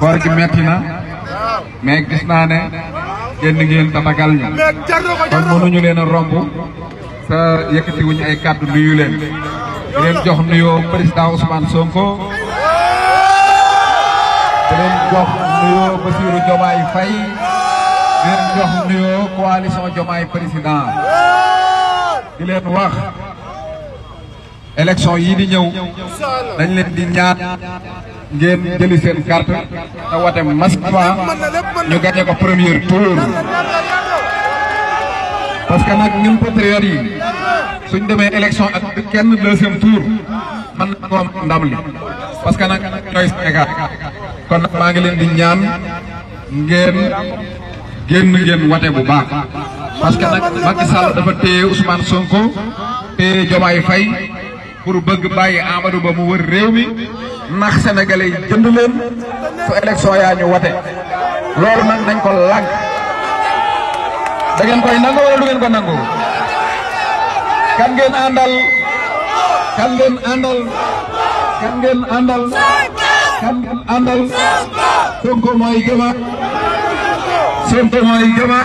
koor gi metti na mais gis naa ne génn ngeen tatagal ñu kon mënuñu leen a romb te yëkkati wuñ ay kàddu nuyu leen di leen jox nuyoo président Ousmane Sonko di leen jox nuyoo Bassirou Diomaye Faye di leen jox nuyoo coalition Diomaye président di leen wax élection yii di ñëw dañ leen di ñaan ngeen jëli seen carte te wate massivement ñu gagné ko premier tour. parce que nag ñun patriotes yi suñ demee élection ak kenn deuxième tour man na am ndam li parce que nag ñooy Sénégal kon maa ngi leen di ñaan ngeen génn ngeen wate bu baax parce que nag Macky Sall dafa téye Ousmane Sonko téye Diomaye Faye pour bëgg bàyyi Amadou Ba mu wër réew mi ndax sénégalais yi jënd leen su yaa ñu wate loolu nag dañ ko lànk da koy nangu wala du ngeen ko nangu kan ngeen àndal kan ngeen àndal kan ngeen àndal jëma Sonko mooy jëma